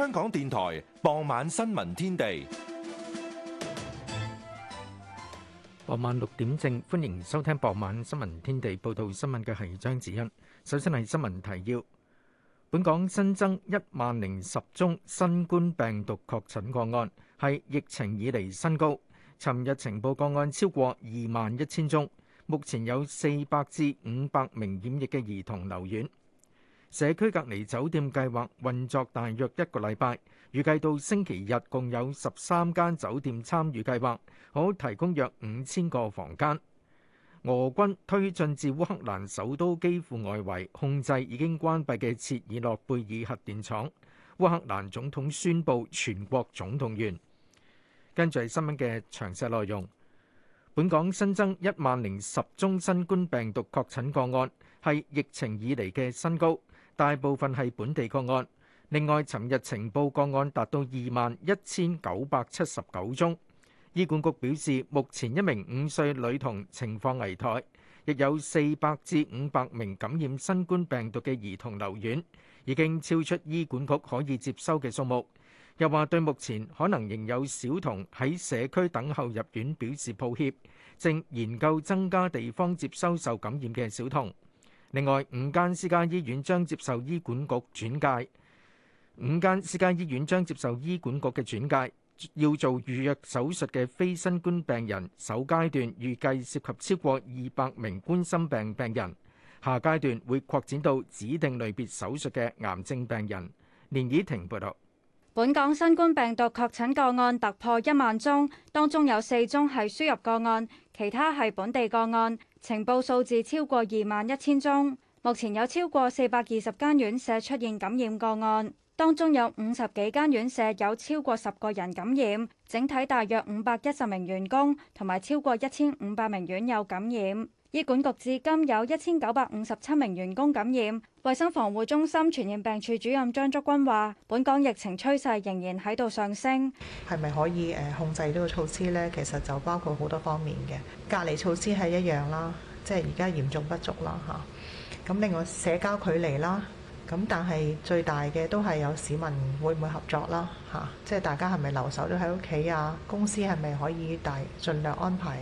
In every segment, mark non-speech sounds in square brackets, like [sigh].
香港電台傍晚新聞天地，傍晚六點正，歡迎收聽傍晚新聞天地。報道新聞嘅係張子欣。首先係新聞提要，本港新增一萬零十宗新冠病毒確診個案，係疫情以嚟新高。尋日情報個案超過二萬一千宗，目前有四百至五百名染疫嘅兒童留院。社區隔離酒店計劃運作大約一個禮拜，預計到星期日共有十三間酒店參與計劃，可提供約五千個房間。俄軍推進至烏克蘭首都基輔外圍，控制已經關閉嘅切爾諾貝爾核電廠。烏克蘭總統宣布全國總動員。跟住係新聞嘅詳細內容。本港新增一萬零十宗新冠病毒確診個案，係疫情以嚟嘅新高。大部分係本地個案，另外尋日呈報個案達到二萬一千九百七十九宗。醫管局表示，目前一名五歲女童情況危殆，亦有四百至五百名感染新冠病毒嘅兒童留院，已經超出醫管局可以接收嘅數目。又話對目前可能仍有小童喺社區等候入院表示抱歉，正研究增加地方接收受感染嘅小童。另外五間私家醫院將接受醫管局轉介，五間私家醫院將接受醫管局嘅轉介，要做預約手術嘅非新冠病人，首階段預計涉，涉及超過二百名冠心病病人，下階段會擴展到指定類別手術嘅癌症病人。連怡婷報導，本港新冠病毒確診個案突破一萬宗，當中有四宗係輸入個案，其他係本地個案。情報數字超過二萬一千宗，目前有超過四百二十間院舍出現感染個案，當中有五十幾間院舍有超過十個人感染，整體大約五百一十名員工同埋超過一千五百名院友感染。醫管局至今有一千九百五十七名員工感染，衛生防護中心傳染病處主任張竹君話，本港疫情趨勢仍然喺度上升。係咪可以誒控制呢個措施咧？其實就包括好多方面嘅隔離措施係一樣啦，即係而家嚴重不足啦吓。咁另外社交距離啦，咁但係最大嘅都係有市民會唔會合作啦吓？即係大家係咪留守都喺屋企啊？公司係咪可以大盡量安排？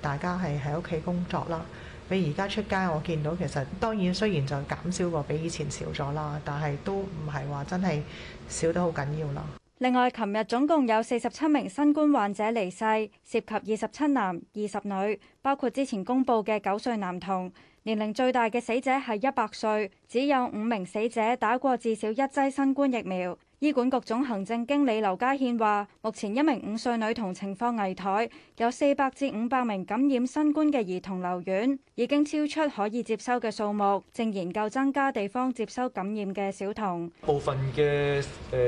大家係喺屋企工作啦。比而家出街，我見到其實當然雖然就減少過比以前少咗啦，但係都唔係話真係少得好緊要啦。另外，琴日總共有四十七名新冠患者離世，涉及二十七男、二十女，包括之前公佈嘅九歲男童。年齡最大嘅死者係一百歲，只有五名死者打過至少一劑新冠疫苗。醫管局總行政經理劉家憲話，目前一名五歲女童情況危殆，有四百至五百名感染新冠嘅兒童留院，已經超出可以接收嘅數目，正研究增加地方接收感染嘅小童。部分嘅誒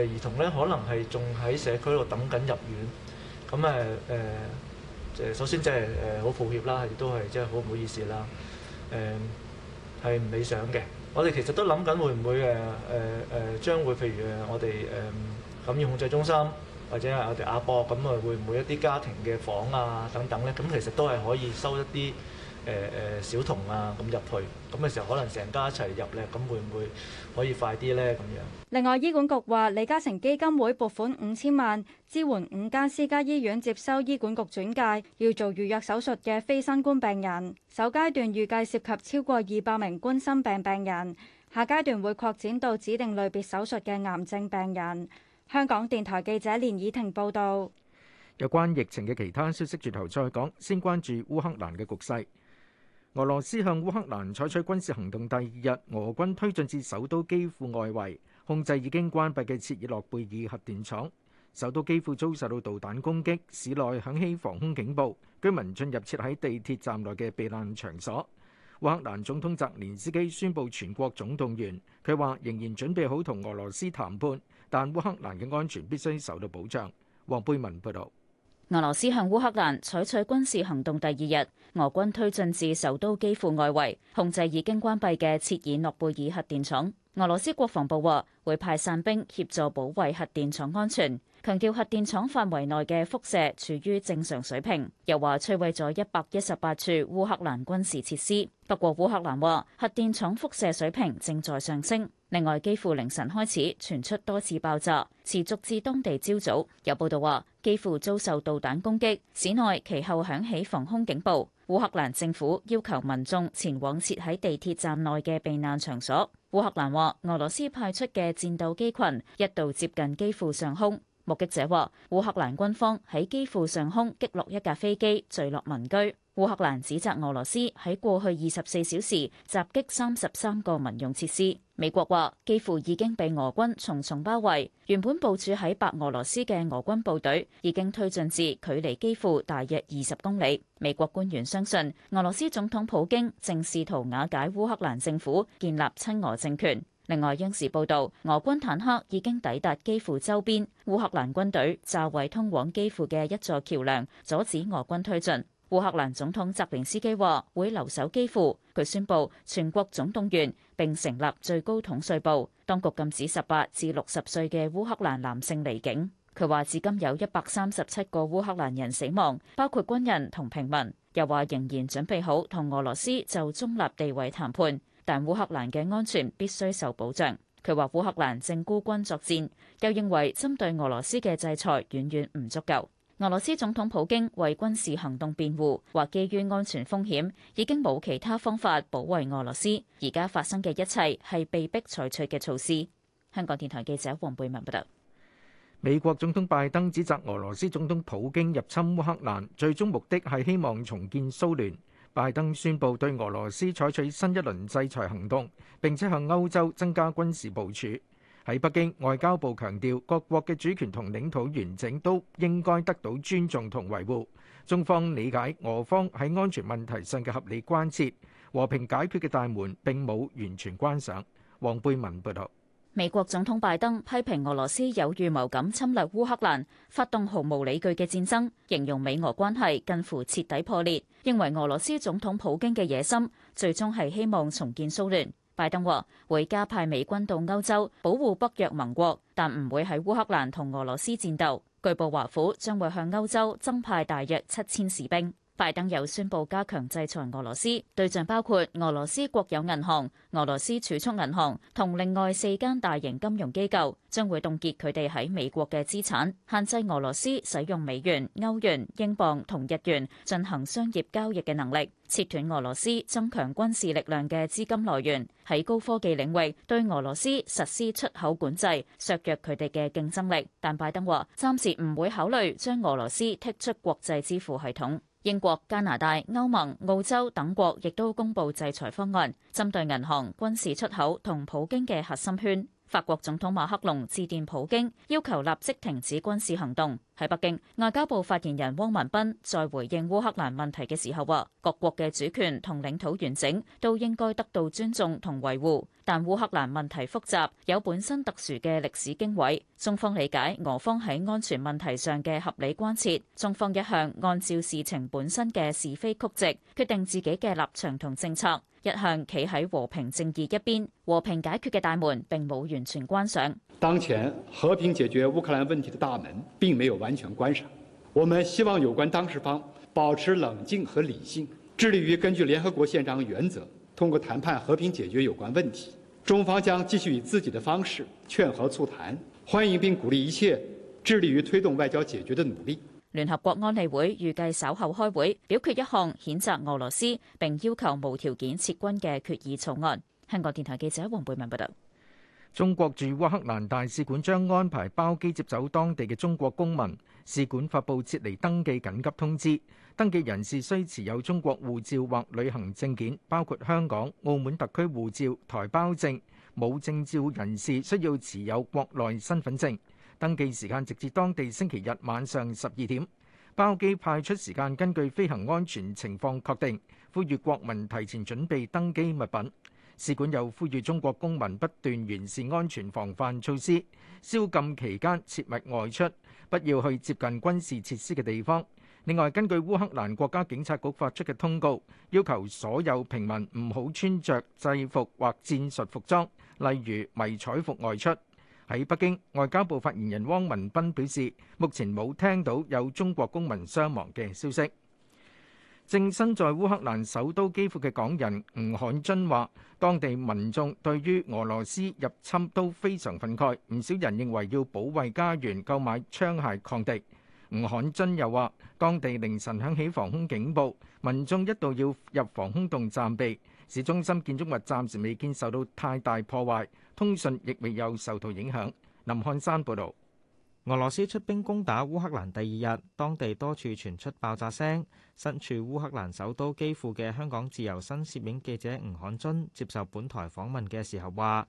兒童咧，可能係仲喺社區度等緊入院。咁誒誒，誒，首先即係誒，好抱歉啦，亦都係即係好唔好意思啦，誒，係唔理想嘅。我哋其實都諗緊會唔會誒誒誒，將、呃呃、會譬如誒我哋誒感染控制中心，或者係我哋阿博咁、嗯、會會啊，會唔會一啲家庭嘅房啊等等咧，咁、嗯、其實都係可以收一啲。誒誒，小童啊，咁入去咁嘅時候，可能成家一齊入咧，咁會唔會可以快啲咧？咁樣。另外，醫管局話，李嘉誠基金會撥款五千萬支援五間私家醫院接收醫管局轉介要做預約手術嘅非新冠病人。首階段預計涉及超過二百名冠心病病人，下階段會擴展到指定類別手術嘅癌症病人。香港電台記者連以婷報道。有關疫情嘅其他消息，轉頭再講，先關注烏克蘭嘅局勢。俄羅斯向烏克蘭採取軍事行動第二日，俄軍推進至首都基輔外圍，控制已經關閉嘅切爾諾貝爾核電廠。首都基輔遭受到導彈攻擊，市內響起防空警報，居民進入設喺地鐵站內嘅避難場所。烏克蘭總統澤連斯基宣布全國總動員，佢話仍然準備好同俄羅斯談判，但烏克蘭嘅安全必須受到保障。黃貝文報道。俄羅斯向烏克蘭採取，取軍事行動第二日，俄軍推進至首都基輔外圍，控制已經關閉嘅切爾諾貝爾核電廠。俄羅斯國防部話會派傘兵協助保衛核電廠安全，強調核電廠範圍內嘅輻射處於正常水平。又話摧毀咗一百一十八處烏克蘭軍事設施。不過烏克蘭話核電廠輻射水平正在上升。另外，基輔凌晨開始傳出多次爆炸，持續至當地朝早。有報道話。基輔遭受導彈攻擊，此外，其後響起防空警報。烏克蘭政府要求民眾前往設喺地鐵站內嘅避難場所。烏克蘭話俄羅斯派出嘅戰鬥機群一度接近基輔上空，目擊者話烏克蘭軍方喺基輔上空擊落一架飛機，墜落民居。烏克蘭指責俄羅斯喺過去二十四小時襲擊三十三個民用設施。美國話，基輔已經被俄軍重重包圍。原本部署喺白俄羅斯嘅俄軍部隊已經推進至距離基輔大約二十公里。美國官員相信，俄羅斯總統普京正試圖瓦解烏克蘭政府，建立親俄政權。另外，央視報道，俄軍坦克已經抵達基輔周邊，烏克蘭軍隊炸毀通往基輔嘅一座橋梁，阻止俄軍推進。烏克蘭總統澤連斯基話會留守基輔，佢宣布全國總動員，並成立最高統帥部。當局禁止十八至六十歲嘅烏克蘭男性離境。佢話至今有一百三十七個烏克蘭人死亡，包括軍人同平民。又話仍然準備好同俄羅斯就中立地位談判，但烏克蘭嘅安全必須受保障。佢話烏克蘭正孤軍作戰，又認為針對俄羅斯嘅制裁遠遠唔足夠。俄羅斯總統普京為軍事行動辯護，或基於安全風險，已經冇其他方法保衛俄羅斯。而家發生嘅一切係被迫採取嘅措施。香港電台記者黃貝文報道。不美國總統拜登指責俄羅斯總統普京入侵烏克蘭，最終目的係希望重建蘇聯。拜登宣布對俄羅斯採取新一輪制裁行動，並且向歐洲增加軍事部署。喺北京，外交部強調，各國嘅主權同領土完整都應該得到尊重同維護。中方理解俄方喺安全問題上嘅合理關切，和平解決嘅大門並冇完全關上。黃貝文報導。美國總統拜登批評俄羅斯有預謀咁侵略烏克蘭，發動毫無理據嘅戰爭，形容美俄關係近乎徹底破裂，認為俄羅斯總統普京嘅野心最終係希望重建蘇聯。拜登話會加派美軍到歐洲保護北約盟國，但唔會喺烏克蘭同俄羅斯戰鬥。據報華府將會向歐洲增派大約七千士兵。拜登又宣布加強制裁俄羅斯，對象包括俄羅斯國有銀行、俄羅斯儲蓄銀行同另外四間大型金融機構，將會凍結佢哋喺美國嘅資產，限制俄羅斯使用美元、歐元、英鎊同日元進行商業交易嘅能力，切斷俄羅斯增強軍事力量嘅資金來源，喺高科技領域對俄羅斯實施出口管制，削弱佢哋嘅競爭力。但拜登話暫時唔會考慮將俄羅斯剔出國際支付系統。英國、加拿大、歐盟、澳洲等國亦都公布制裁方案，針對銀行、軍事出口同普京嘅核心圈。法國總統馬克龍致電普京，要求立即停止軍事行動。喺北京，外交部發言人汪文斌在回應烏克蘭問題嘅時候話，各國嘅主權同領土完整都應該得到尊重同維護，但烏克蘭問題複雜，有本身特殊嘅歷史經緯，中方理解俄方喺安全問題上嘅合理關切。中方一向按照事情本身嘅是非曲直，決定自己嘅立場同政策。一向企喺和平正義一邊，和平解決嘅大門並冇完全關上。當前和平解決烏克蘭問題的大門並沒有完全關上，我們希望有關當事方保持冷靜和理性，致力於根據聯合國憲章原則，通過談判和平解決有關問題。中方將繼續以自己的方式勸和促談，歡迎並鼓勵一切致力於推動外交解決的努力。聯合國安理會預計稍後開會，表決一項譴責俄羅斯並要求無條件撤軍嘅決議草案。香港電台記者黃貝文報道。中國駐烏克蘭大使館將安排包機接走當地嘅中國公民。使館發布撤離登記緊急通知，登記人士需持有中國護照或旅行證件，包括香港、澳門特區護照、台胞證。冇證照人士需要持有國內身份證。登記時間直至當地星期日晚上十二點。包機派出時間根據飛行安全情況確定。呼籲國民提前準備登機物品。使館又呼籲中國公民不斷完善安全防範措施，宵禁期間切勿外出，不要去接近軍事設施嘅地方。另外，根據烏克蘭國家警察局發出嘅通告，要求所有平民唔好穿着制服或戰術服裝，例如迷彩服外出。喺北京，外交部發言人汪文斌表示，目前冇聽到有中國公民傷亡嘅消息。正身在烏克蘭首都基輔嘅港人吳漢津話，當地民眾對於俄羅斯入侵都非常憤慨，唔少人認為要保衞家園，購買槍械抗敵。吳漢津又話，當地凌晨響起防空警報，民眾一度要入防空洞暫避。市中心建築物暫時未見受到太大破壞，通訊亦未有受到影響。林漢山報導。俄羅斯出兵攻打烏克蘭第二日，當地多處傳出爆炸聲。身處烏克蘭首都基輔嘅香港自由身攝影記者吳漢津接受本台訪問嘅時候話。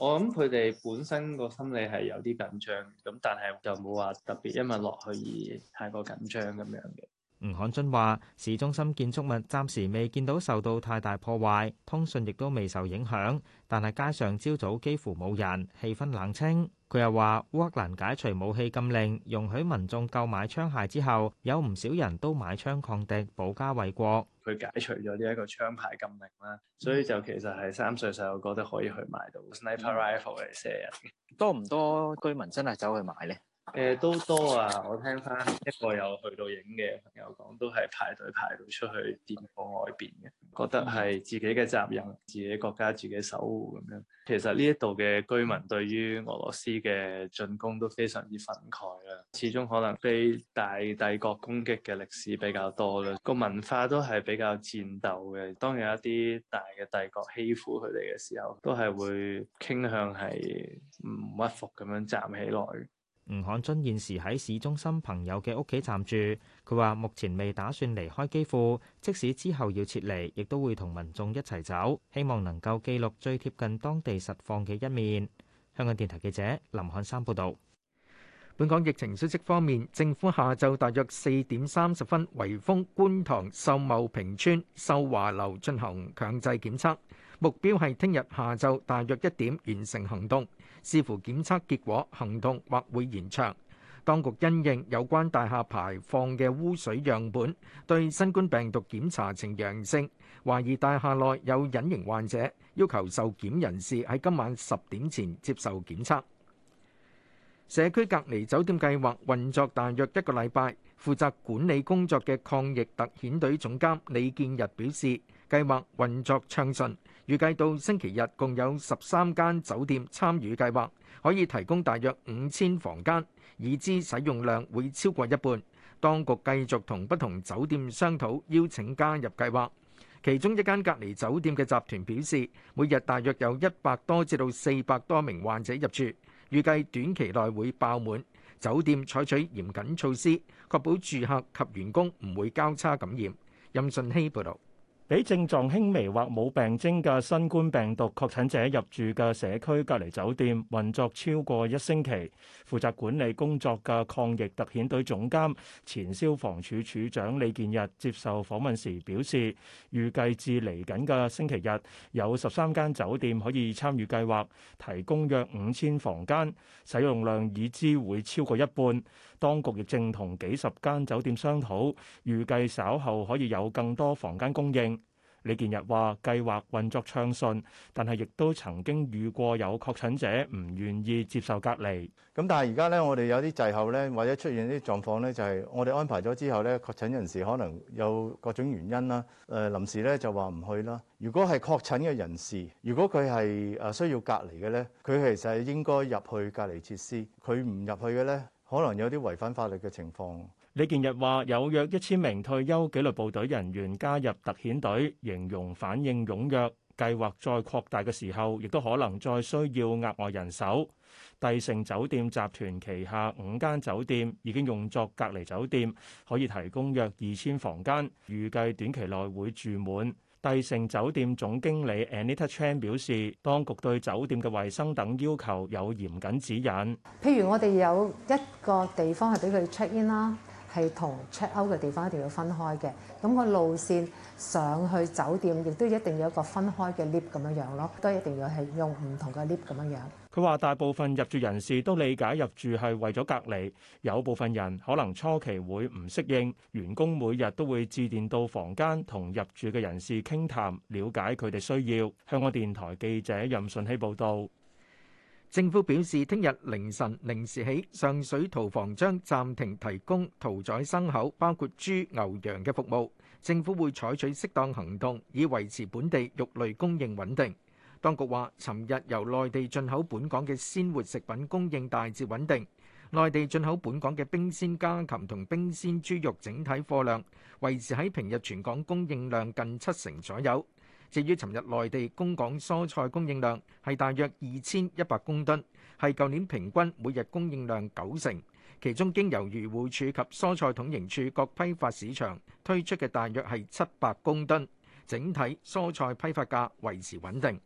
我諗佢哋本身個心理係有啲緊張，咁但係就冇話特別因為落去而太過緊張咁樣嘅。吳漢津話：市中心建築物暫時未見到受到太大破壞，通訊亦都未受影響，但係街上朝早幾乎冇人，氣氛冷清。佢又話：烏克蘭解除武器禁令，容許民眾購買槍械之後，有唔少人都買槍抗敵，保家衛國。佢解除咗呢一個槍牌禁令啦，嗯、所以就其實係三歲細路哥都可以去買到 sniper rifle 嚟射人。多唔多 [laughs] 居民真係走去買咧？誒、欸、都多啊！我聽翻一個有去到影嘅朋友講，都係排隊排到出去店鋪外邊嘅，覺得係自己嘅責任，自己國家自己守護咁樣。其實呢一度嘅居民對於俄羅斯嘅進攻都非常之憤慨啦。始終可能被大帝國攻擊嘅歷史比較多啦，個文化都係比較戰鬥嘅。當有一啲大嘅帝國欺負佢哋嘅時候，都係會傾向係唔屈服咁樣站起來。吳漢津現時喺市中心朋友嘅屋企暫住，佢話目前未打算離開基輔，即使之後要撤離，亦都會同民眾一齊走，希望能夠記錄最貼近當地實況嘅一面。香港電台記者林漢山報道。本港疫情消息方面，政府下晝大約四點三十分，圍封觀塘秀茂坪村秀華樓進行強制檢測。目標係聽日下晝大約一點完成行動，視乎檢測結果，行動或會延長。當局因應有關大廈排放嘅污水樣本對新冠病毒檢查呈陽性，懷疑大廈內有隱形患者，要求受檢人士喺今晚十點前接受檢測。社區隔離酒店計劃運作大約一個禮拜，負責管理工作嘅抗疫特遣隊總監李建日表示，計劃運作暢順。預計到星期日，共有十三間酒店參與計劃，可以提供大約五千房間。已知使用量會超過一半。當局繼續同不同酒店商討邀請加入計劃。其中一間隔離酒店嘅集團表示，每日大約有一百多至到四百多名患者入住，預計短期內會爆滿。酒店採取嚴謹措施，確保住客及員工唔會交叉感染。任信希報導。俾症狀輕微或冇病徵嘅新冠病毒確診者入住嘅社區隔離酒店運作超過一星期，負責管理工作嘅抗疫特遣隊總監、前消防處處長李建日接受訪問時表示，預計至嚟緊嘅星期日，有十三間酒店可以參與計劃，提供約五千房間，使用量已知會超過一半。當局亦正同幾十間酒店商討，預計稍後可以有更多房間供應。李建日話：計劃運作暢順，但係亦都曾經遇過有確診者唔願意接受隔離。咁但係而家咧，我哋有啲滯後咧，或者出現啲狀況咧，就係我哋安排咗之後咧，確診人士可能有各種原因啦。誒、呃，臨時咧就話唔去啦。如果係確診嘅人士，如果佢係誒需要隔離嘅咧，佢其實係應該入去隔離設施。佢唔入去嘅咧。可能有啲違反法律嘅情況。李健日話：有約一千名退休紀律部隊人員加入特遣隊，形容反應踴躍。計劃再擴大嘅時候，亦都可能再需要額外人手。帝盛酒店集團旗下五間酒店已經用作隔離酒店，可以提供約二千房間，預計短期內會住滿。帝城酒店總經理 Anita Chan 表示，當局對酒店嘅衛生等要求有嚴謹指引，譬如我哋有一個地方係俾佢 check in 啦。係同 check out 嘅地方一定要分開嘅，咁個路線上去酒店亦都一定要有個分開嘅 lift 咁樣樣咯，都一定要係用唔同嘅 lift 咁樣樣。佢話大部分入住人士都理解入住係為咗隔離，有部分人可能初期會唔適應。員工每日都會致電到房間同入住嘅人士傾談，談，了解佢哋需要。香港電台記者任順希報道。政府表示，聽日凌晨零時起，上水屠房將暫停提供屠宰牲口，包括豬、牛、羊嘅服務。政府會採取適當行動，以維持本地肉類供應穩定。當局話，尋日由內地進口本港嘅鮮活食品供應大致穩定，內地進口本港嘅冰鮮家禽同冰鮮豬肉整體貨量維持喺平日全港供應量近七成左右。至於尋日，內地供港蔬菜供應量係大約二千一百公噸，係舊年平均每日供應量九成。其中經由漁護署及蔬菜統營處各批發市場推出嘅大約係七百公噸，整體蔬菜批發價維持穩定。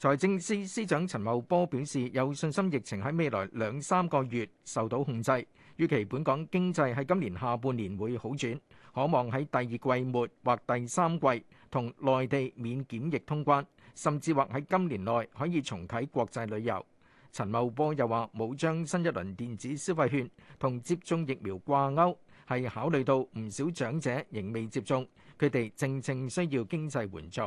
財政司司長陳茂波表示，有信心疫情喺未來兩三個月受到控制，預期本港經濟喺今年下半年會好轉，可望喺第二季末或第三季同內地免檢疫通關，甚至或喺今年內可以重啟國際旅遊。陳茂波又話：冇將新一輪電子消費券同接種疫苗掛鈎，係考慮到唔少長者仍未接種，佢哋正正需要經濟援助。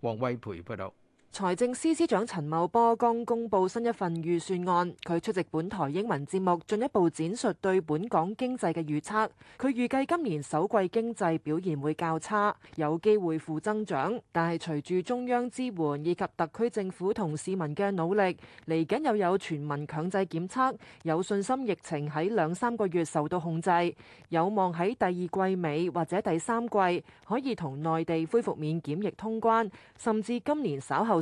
黃惠培報道。財政司司長陳茂波剛公布新一份預算案，佢出席本台英文節目進一步展述對本港經濟嘅預測。佢預計今年首季經濟表現會較差，有機會負增長，但係隨住中央支援以及特區政府同市民嘅努力，嚟緊又有全民強制檢測，有信心疫情喺兩三個月受到控制，有望喺第二季尾或者第三季可以同內地恢復免檢疫通關，甚至今年稍後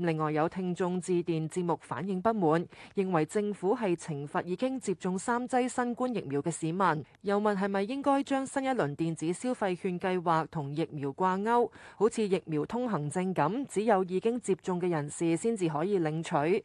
另外有聽眾致電節目反映不滿，認為政府係懲罰已經接種三劑新冠疫苗嘅市民，又問係咪應該將新一輪電子消費券計劃同疫苗掛鈎，好似疫苗通行證咁，只有已經接種嘅人士先至可以領取。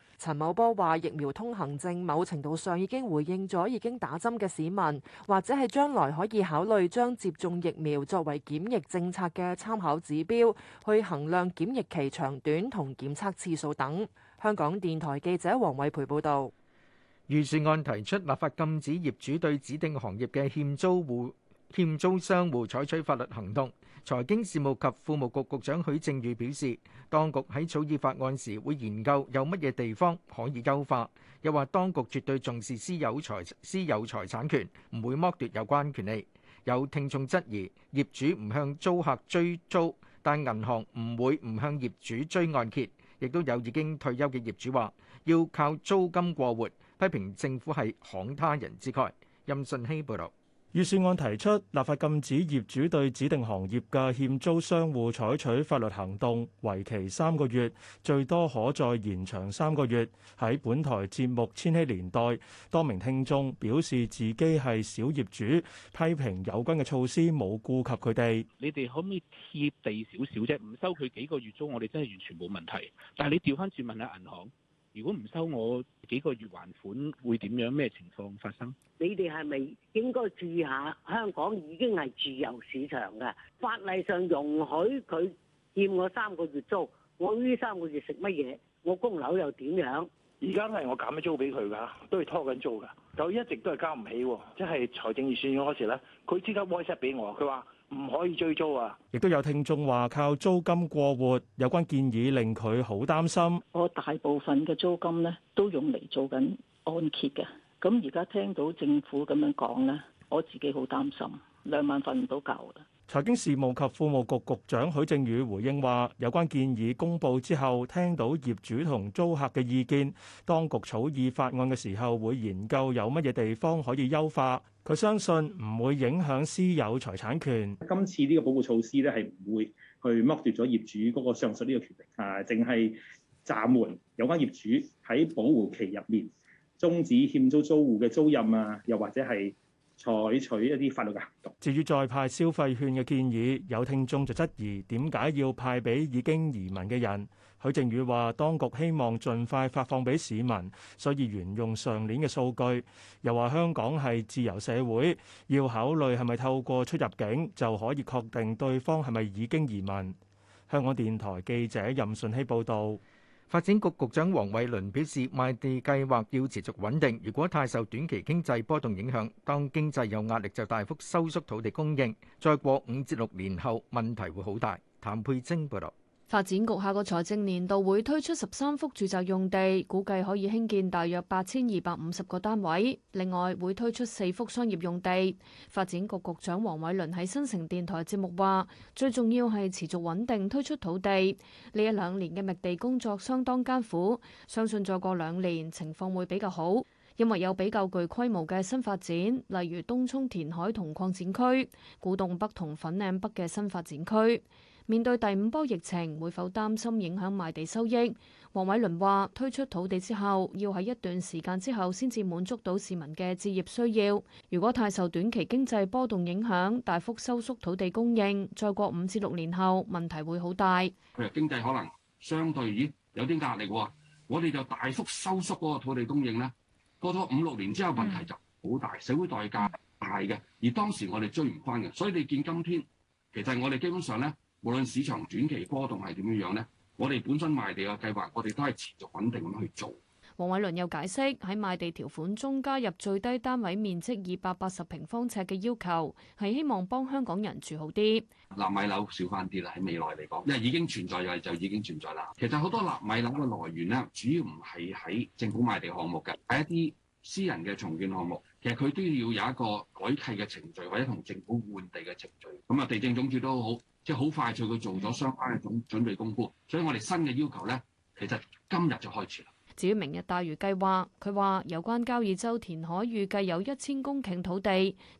陳茂波話：疫苗通行證某程度上已經回應咗已經打針嘅市民，或者係將來可以考慮將接種疫苗作為檢疫政策嘅參考指標，去衡量檢疫期長短同檢測次數等。香港電台記者黃偉培報導，預算案提出立法禁止業主對指定行業嘅欠租戶欠租商戶採取法律行動。財經事務及庫務局局長許正宇表示，當局喺草擬法案時會研究有乜嘢地方可以優化，又話當局絕對重視私有財私有財產權，唔會剝奪有關權利。有聽眾質疑業主唔向租客追租，但銀行唔會唔向業主追按揭，亦都有已經退休嘅業主話要靠租金過活，批評政府係慷他人之慨。任信希報導。預算案提出立法禁止業主對指定行業嘅欠租商戶採取法律行動，為期三個月，最多可再延長三個月。喺本台節目《千禧年代》，多名聽眾表示自己係小業主，批評有關嘅措施冇顧及佢哋。你哋可唔可以貼地少少啫？唔收佢幾個月租，我哋真係完全冇問題。但係你調翻轉問下銀行。如果唔收我幾個月還款，會點樣？咩情況發生？你哋係咪應該注意下？香港已經係自由市場嘅，法例上容許佢欠我三個月租，我呢三個月食乜嘢？我供樓又點樣？而家係我減咗租俾佢㗎，都係拖緊租㗎，就一直都係交唔起。即係財政預算案嗰時咧，佢即刻 WhatsApp 俾我，佢話。唔可以追租啊！亦都有聽眾話靠租金過活，有關建議令佢好擔心。我大部分嘅租金呢都用嚟做緊按揭嘅，咁而家聽到政府咁樣講呢，我自己好擔心，兩晚瞓唔到覺。財經事務及庫務局局長許正宇回應話：有關建議公佈之後，聽到業主同租客嘅意見，當局草擬法案嘅時候會研究有乜嘢地方可以優化。佢相信唔會影響私有財產權。今次呢個保護措施咧係唔會去剝奪咗業主嗰個上述呢個權力。啊，淨係暫緩有關業主喺保護期入面終止欠租租戶嘅租賃啊，又或者係。採取一啲法律嘅行動，至於再派消費券嘅建議，有聽眾就質疑點解要派俾已經移民嘅人？許正宇話：當局希望盡快發放俾市民，所以沿用上年嘅數據。又話香港係自由社會，要考慮係咪透過出入境就可以確定對方係咪已經移民？香港電台記者任順希報導。發展局局長黃偉綸表示，賣地計劃要持續穩定，如果太受短期經濟波動影響，當經濟有壓力就大幅收縮土地供應，再過五至六年後問題會好大。譚佩晶報道。發展局下個財政年度會推出十三幅住宅用地，估計可以興建大約八千二百五十個單位。另外會推出四幅商業用地。發展局局長黃偉綸喺新城電台節目話，最重要係持續穩定推出土地。呢一兩年嘅覓地工作相當艱苦，相信再過兩年情況會比較好，因為有比較具規模嘅新發展，例如東涌填海同擴展區、古洞北同粉嶺北嘅新發展區。面對第五波疫情，會否擔心影響賣地收益？黃偉倫話：推出土地之後，要喺一段時間之後先至滿足到市民嘅置業需要。如果太受短期經濟波動影響，大幅收縮土地供應，再過五至六年後，問題會好大。佢啊，經濟可能相對咦有啲壓力嘅，我哋就大幅收縮嗰個土地供應咧。過咗五六年之後，問題就好大，社會代價大嘅，而當時我哋追唔翻嘅，所以你見今天，其實我哋基本上咧。無論市場短期波動係點樣樣咧，我哋本身賣地嘅計劃，我哋都係持續穩定咁去做。黃偉綸又解釋喺賣地條款中加入最低單位面積二百八十平方尺嘅要求，係希望幫香港人住好啲。納米樓少翻啲啦，喺未來嚟講，因為已經存在又係就已經存在啦。其實好多納米樓嘅來源呢，主要唔係喺政府賣地項目嘅，係一啲私人嘅重建項目。其實佢都要有一個改契嘅程序，或者同政府換地嘅程序。咁啊，地政總署都好。即係好快脆，佢做咗相關嘅準準備功夫，所以我哋新嘅要求呢，其實今日就開始啦。至於明日大嶼計劃，佢話有關交椅洲填海，預計有一千公頃土地，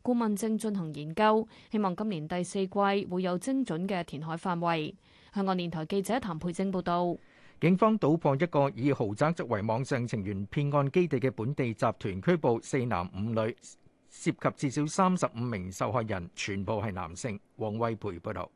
顧問正進行研究，希望今年第四季會有精準嘅填海範圍。香港電台記者譚佩正報導。警方搗破一個以豪宅作為網上情緣騙案基地嘅本地集團，拘捕四男五女，涉及至少三十五名受害人，全部係男性。黃惠培報導。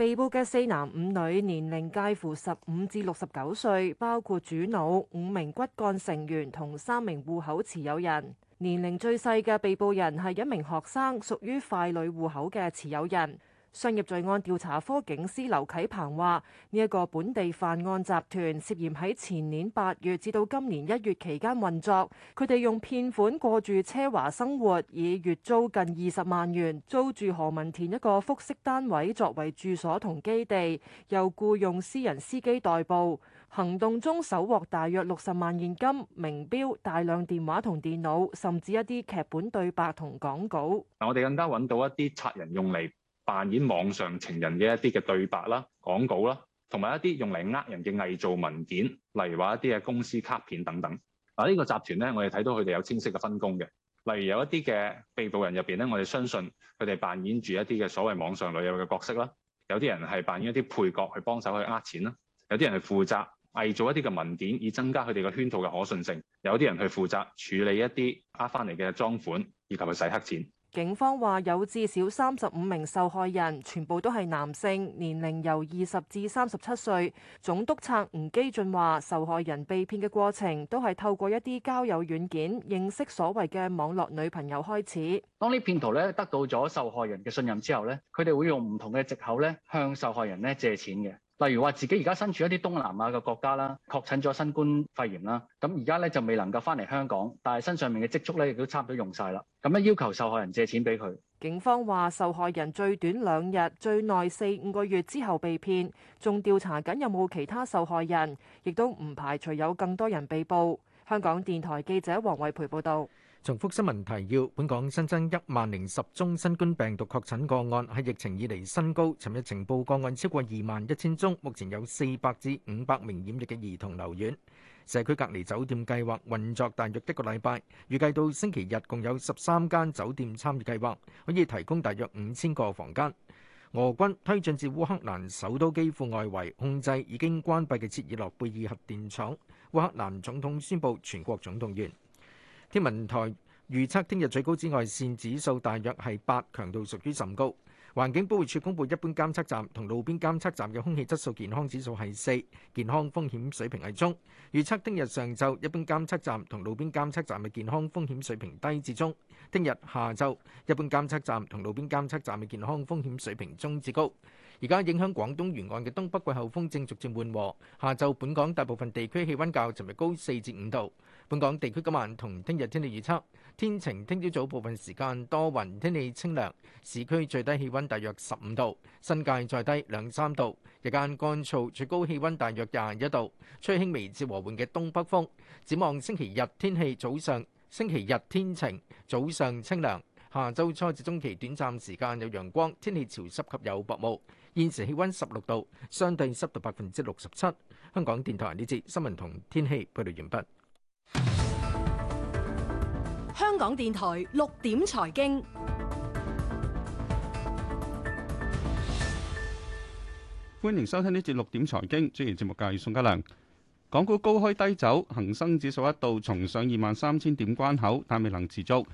被捕嘅四男五女，年齡介乎十五至六十九歲，包括主腦五名骨幹成員同三名戶口持有人。年齡最細嘅被捕人係一名學生，屬於傀儡戶口嘅持有人。商業罪案調查科警司劉啟鵬話：呢一個本地犯案集團涉嫌喺前年八月至到今年一月期間運作，佢哋用騙款過住奢華生活，以月租近二十萬元租住何文田一個復式單位作為住所同基地，又僱用私人司機代步。行動中搜獲大約六十萬現金、名錶、大量電話同電腦，甚至一啲劇本對白同廣告。我哋更加揾到一啲賊人用嚟。扮演網上情人嘅一啲嘅對白啦、廣告啦，同埋一啲用嚟呃人嘅偽造文件，例如話一啲嘅公司卡片等等。嗱，呢個集團咧，我哋睇到佢哋有清晰嘅分工嘅。例如有一啲嘅被捕人入邊咧，我哋相信佢哋扮演住一啲嘅所謂網上女友嘅角色啦。有啲人係扮演一啲配角去幫手去呃錢啦。有啲人係負責偽造一啲嘅文件，以增加佢哋嘅圈套嘅可信性。有啲人去負責處理一啲呃翻嚟嘅贓款，以及去洗黑錢。警方話有至少三十五名受害人，全部都係男性，年齡由二十至三十七歲。總督察吳基俊話：受害人被騙嘅過程都係透過一啲交友軟件認識所謂嘅網絡女朋友開始。當呢騙徒咧得到咗受害人嘅信任之後咧，佢哋會用唔同嘅藉口咧向受害人咧借錢嘅。例如話自己而家身處一啲東南亞嘅國家啦，確診咗新冠肺炎啦，咁而家咧就未能夠翻嚟香港，但係身上面嘅積蓄咧亦都差唔多用晒啦，咁咧要求受害人借錢俾佢。警方話受害人最短兩日、最耐四五個月之後被騙，仲調查緊有冇其他受害人，亦都唔排除有更多人被捕。香港電台記者黃惠培報道。重複新聞提要：本港新增一萬零十宗新冠病毒確診個案，係疫情以嚟新高。尋日情報個案超過二萬一千宗，目前有四百至五百名染疫嘅兒童留院。社區隔離酒店計劃運作大約一個禮拜，預計到星期日共有十三間酒店參與計劃，可以提供大約五千個房間。俄軍推進至烏克蘭首都基輔外圍，控制已經關閉嘅切爾諾貝爾核電廠。烏克蘭總統宣布全國總動員。天文台預測聽日最高紫外線指數大約係八，強度屬於甚高。環境保護署公布，一般監測站同路邊監測站嘅空氣質素健康指數係四，健康風險水平係中。預測聽日上晝一般監測站同路邊監測站嘅健康風險水平低至中。聽日下晝一般監測站同路邊監測站嘅健康風險水平中至高。而家影響廣東沿岸嘅東北季候風正逐漸緩和，下晝本港大部分地區氣温較尋日高四至五度。本港地區今晚同聽日天氣預測，天晴，聽朝早部分時間多雲，天氣清涼。市區最低氣温大約十五度，新界再低兩三度。日間乾燥，最高氣温大約廿一度，吹輕微至和緩嘅東北風。展望星期日天氣，早上星期日天晴，早上清涼。下週初至中期短暫時間有陽光，天氣潮濕及有薄霧。現時氣温十六度，相對濕度百分之六十七。香港電台呢節新聞同天氣報導完畢。香港電台六點財經，歡迎收聽呢節六點財經，主持節目嘅係宋嘉良。港股高開低走，恒生指數一度重上二萬三千點關口，但未能持續。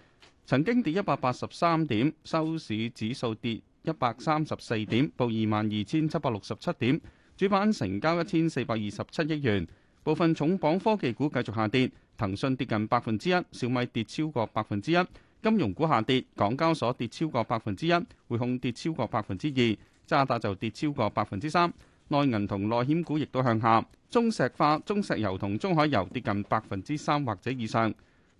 曾經跌一百八十三點，收市指數跌一百三十四點，報二萬二千七百六十七點，主板成交一千四百二十七億元。部分重磅科技股繼續下跌。騰訊跌近百分之一，小米跌超過百分之一，金融股下跌，港交所跌超過百分之一，匯控跌超過百分之二，渣打就跌超過百分之三，內銀同內險股亦都向下，中石化、中石油同中海油跌近百分之三或者以上。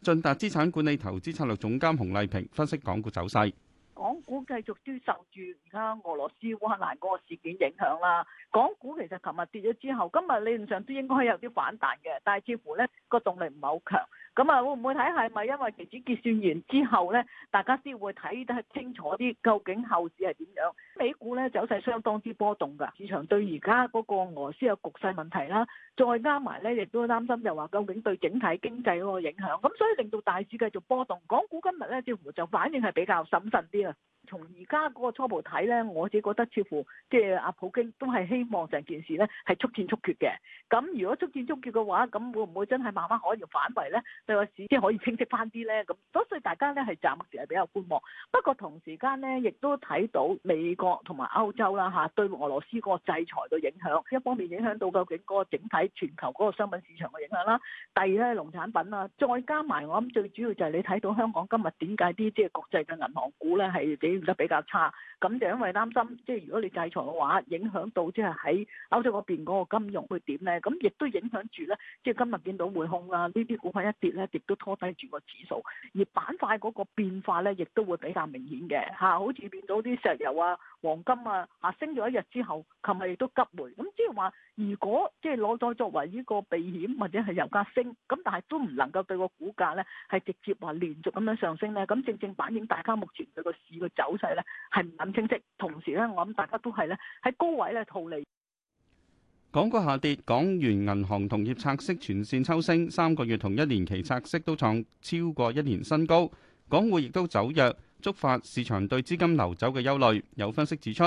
晉達資產管理投資策略總監洪麗萍分析港股走勢。港股繼續都受住而家俄羅斯、烏克蘭嗰個事件影響啦。港股其實琴日跌咗之後，今日理論上都應該有啲反彈嘅，但係似乎呢個動力唔係好強。咁啊，會唔會睇係咪因為期指結算完之後呢，大家先會睇得清楚啲究竟後市係點樣。美股呢，走勢相當之波動，噶市場對而家嗰個俄羅斯嘅局勢問題啦，再加埋呢亦都擔心就話究竟對整體經濟嗰個影響，咁所以令到大市繼續波動。港股今日呢，似乎就反應係比較審慎啲啦。從而家嗰個初步睇咧，我自己覺得似乎即係阿普京都係希望成件事咧係速戰速決嘅。咁如果速戰速決嘅話，咁會唔會真係慢慢可以反圍咧？對個市即係可以清晰翻啲咧？咁所以大家咧係暫時係比較觀望。不過同時間咧，亦都睇到美國同埋歐洲啦、嚇對俄羅斯嗰個制裁嘅影響，一方面影響到究竟嗰個整體全球嗰個商品市場嘅影響啦。第二咧農產品啊，再加埋我諗最主要就係你睇到香港今日點解啲即係國際嘅銀行股咧係變得比較差，咁就因為擔心，即係如果你制裁嘅話，影響到即係喺歐洲嗰邊嗰個金融會點咧，咁亦都影響住咧，即係今日見到匯控啦、啊，呢啲股份一跌咧，亦都拖低住個指數，而板塊嗰個變化咧，亦都會比較明顯嘅嚇、啊，好似見到啲石油啊。黃金啊，下升咗一日之後，琴日亦都急回。咁即係話，如果即係攞咗作為呢個避險，或者係油價升，咁但係都唔能夠對個股價呢係直接話連續咁樣上升呢。咁正正反映大家目前對個市嘅走勢呢係唔諗清晰。同時呢，我諗大家都係呢喺高位咧套利。港股下跌，港元銀行同業拆息全線抽升，三個月同一年期拆息都創超過一年新高，港匯亦都走弱。觸發市場對資金流走嘅憂慮，有分析指出，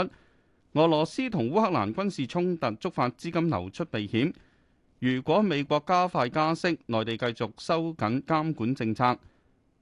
俄羅斯同烏克蘭軍事衝突觸發資金流出避險。如果美國加快加息，內地繼續收緊監管政策，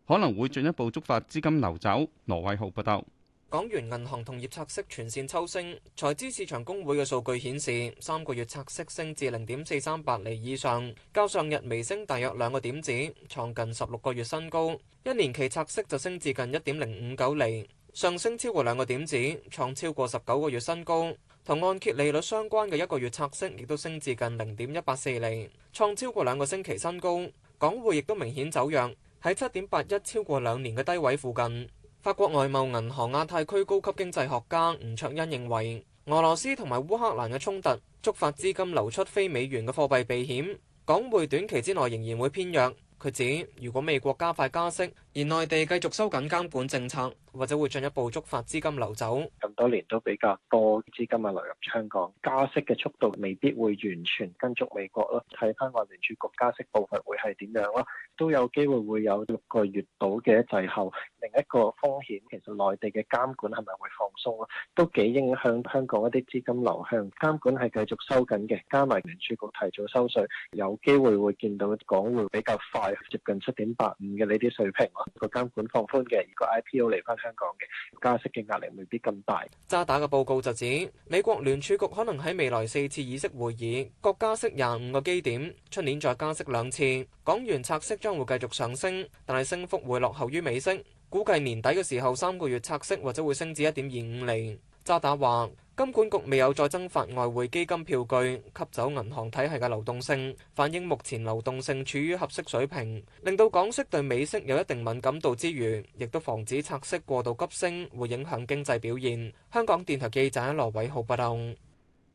可能會進一步觸發資金流走。羅偉浩報道。港元銀行同業拆息全線抽升，財資市場公會嘅數據顯示，三個月拆息升至零點四三八厘以上，較上日微升大約兩個點子，創近十六個月新高。一年期拆息就升至近一點零五九厘，上升超過兩個點子，創超過十九個月新高。同按揭利率相關嘅一個月拆息亦都升至近零點一八四厘，創超過兩個星期新高。港匯亦都明顯走弱，喺七點八一超過兩年嘅低位附近。法國外貿銀行亞太區高級經濟學家吳卓恩認為，俄羅斯同埋烏克蘭嘅衝突觸發資金流出非美元嘅貨幣避險，港匯短期之內仍然會偏弱。佢指，如果美國加快加息，而內地繼續收緊監管政策，或者會進一步觸發資金流走。咁多年都比較多資金啊流入香港。加息嘅速度未必會完全跟足美國咯。睇翻話聯儲局加息步伐會係點樣咯，都有機會會有六個月到嘅滯後。另一個風險其實內地嘅監管係咪會放鬆咯？都幾影響香港一啲資金流向。監管係繼續收緊嘅，加埋聯儲局提早收稅，有機會會見到港匯比較快接近七點八五嘅呢啲水平。個監管放寬嘅，而個 IPO 嚟翻香港嘅，加息嘅壓力未必咁大。渣打嘅報告就指，美國聯儲局可能喺未來四次議息會議各加息廿五個基點，出年再加息兩次，港元拆息將會繼續上升，但係升幅會落後於美息。估計年底嘅時候三個月拆息或者會升至一點二五厘。渣打話。金管局未有再增發外匯基金票據，吸走銀行體系嘅流動性，反映目前流動性處於合適水平，令到港息對美息有一定敏感度之餘，亦都防止拆息過度急升，會影響經濟表現。香港電台記者羅偉浩報道。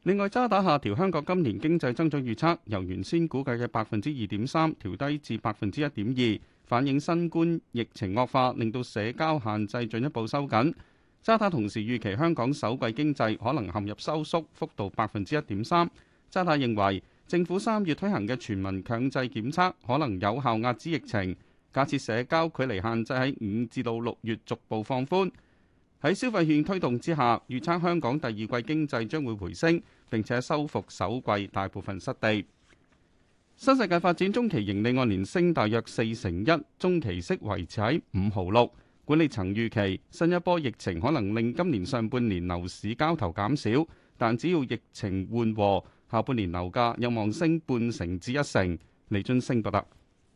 另外，渣打下調香港今年經濟增長預測，由原先估計嘅百分之二點三調低至百分之一點二，反映新冠疫情惡化，令到社交限制進一步收緊。渣打同時預期香港首季經濟可能陷入收縮，幅度百分之一點三。渣打認為政府三月推行嘅全民強制檢測可能有效壓止疫情。假設社交距離限制喺五至到六月逐步放寬，喺消費券推動之下，預測香港第二季經濟將會回升，並且收復首季大部分失地。新世界發展中期盈利按年升大約四成一，中期息維持喺五毫六。管理層預期新一波疫情可能令今年上半年樓市交投減少，但只要疫情緩和，下半年樓價有望升半成至一成。李俊升報道。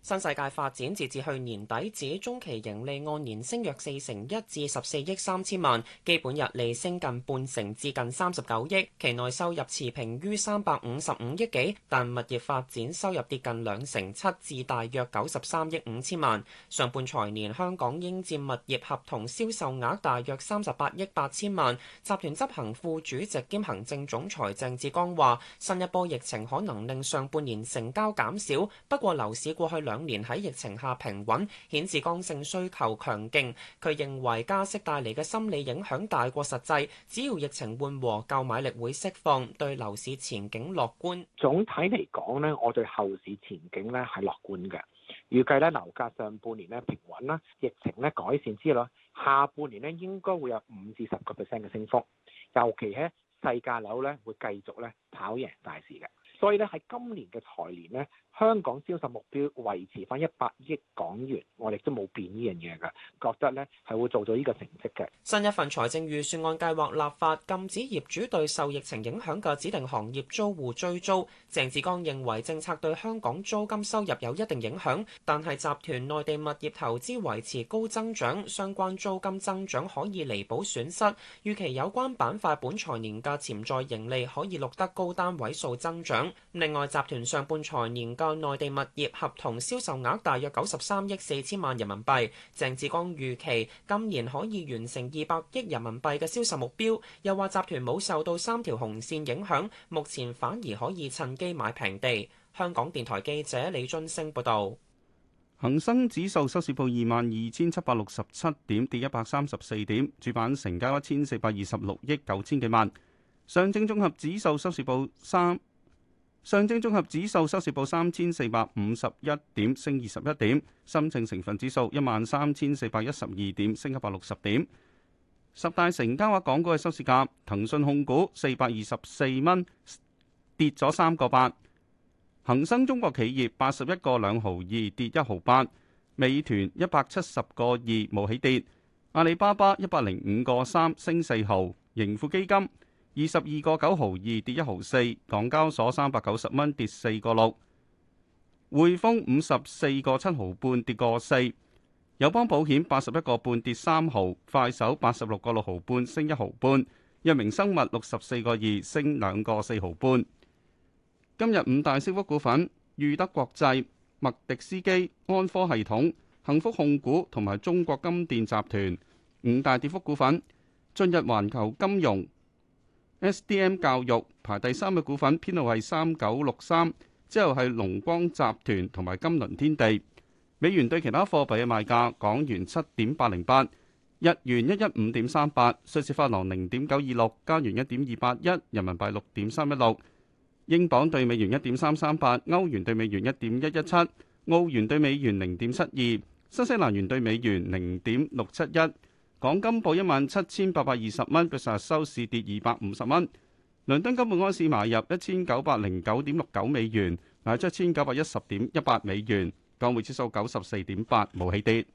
新世界發展截至去年底止中期盈利按年升約四成一至十四億三千萬，基本日利升近半成至近三十九億，期內收入持平於三百五十五億幾，但物業發展收入跌近兩成七至大約九十三億五千萬。上半財年香港應佔物業合同銷售額大約三十八億八千萬。集團執行副主席兼行政總裁鄭志剛話：新一波疫情可能令上半年成交減少，不過樓市過去兩兩年喺疫情下平穩，顯示剛性需求強勁。佢認為加息帶嚟嘅心理影響大過實際。只要疫情緩和，購買力會釋放，對樓市前景樂觀。總體嚟講呢我對後市前景呢係樂觀嘅。預計咧樓價上半年呢平穩啦，疫情咧改善之後，下半年呢應該會有五至十個 percent 嘅升幅。尤其係細價樓咧會繼續咧跑贏大市嘅。所以咧喺今年嘅財年呢，香港銷售目標維持返一百億港元，我哋都冇變呢樣嘢㗎，覺得呢係會做到呢個成績嘅。新一份財政預算案計劃立法禁止業主對受疫情影響嘅指定行業租戶追租。鄭志剛認為政策對香港租金收入有一定影響，但係集團內地物業投資維持高增長，相關租金增長可以彌補損失。預期有關板塊本財年嘅潛在盈利可以錄得高單位數增長。另外，集團上半財年嘅在內地物業合同銷售額大約九十三億四千萬人民幣。鄭志剛預期今年可以完成二百億人民幣嘅銷售目標，又話集團冇受到三條紅線影響，目前反而可以趁機買平地。香港電台記者李進升報道。恒生指數收市報二萬二千七百六十七點，跌一百三十四點。主板成交一千四百二十六億九千幾萬。上證綜合指數收市報三。上證綜合指數收市報三千四百五十一點，升二十一點；深證成分指數一萬三千四百一十二點，升一百六十點。十大成交額港股嘅收市價：騰訊控股四百二十四蚊，跌咗三個八；恒生中國企業八十一個兩毫二，跌一毫八；美團一百七十個二，冇起跌；阿里巴巴一百零五個三，升四毫；盈富基金。二十二個九毫二跌一毫四，92, 4, 港交所三百九十蚊跌四個六，匯豐五十四個七毫半跌個四，友邦保險八十一個半跌三毫，快手八十六個六毫半升一毫半，藥明生物六十四個二升兩個四毫半。今日五大升幅股份：裕德國際、麥迪斯基、安科系統、幸福控股同埋中國金電集團。五大跌幅股份：進入環球金融。S D M 教育排第三嘅股份，編號係三九六三，之後係龍光集團同埋金輪天地。美元對其他貨幣嘅賣價，港元七點八零八，日元一一五點三八，瑞士法郎零點九二六，加元一點二八一，人民幣六點三一六，英鎊對美元一點三三八，歐元對美元一點一一七，澳元對美元零點七二，新西蘭元對美元零點六七一。港金報一萬七千八百二十蚊，確實收市跌二百五十蚊。倫敦金每盎司買入一千九百零九點六九美元，買出一千九百一十點一八美元，港匯指數九十四點八，冇起跌。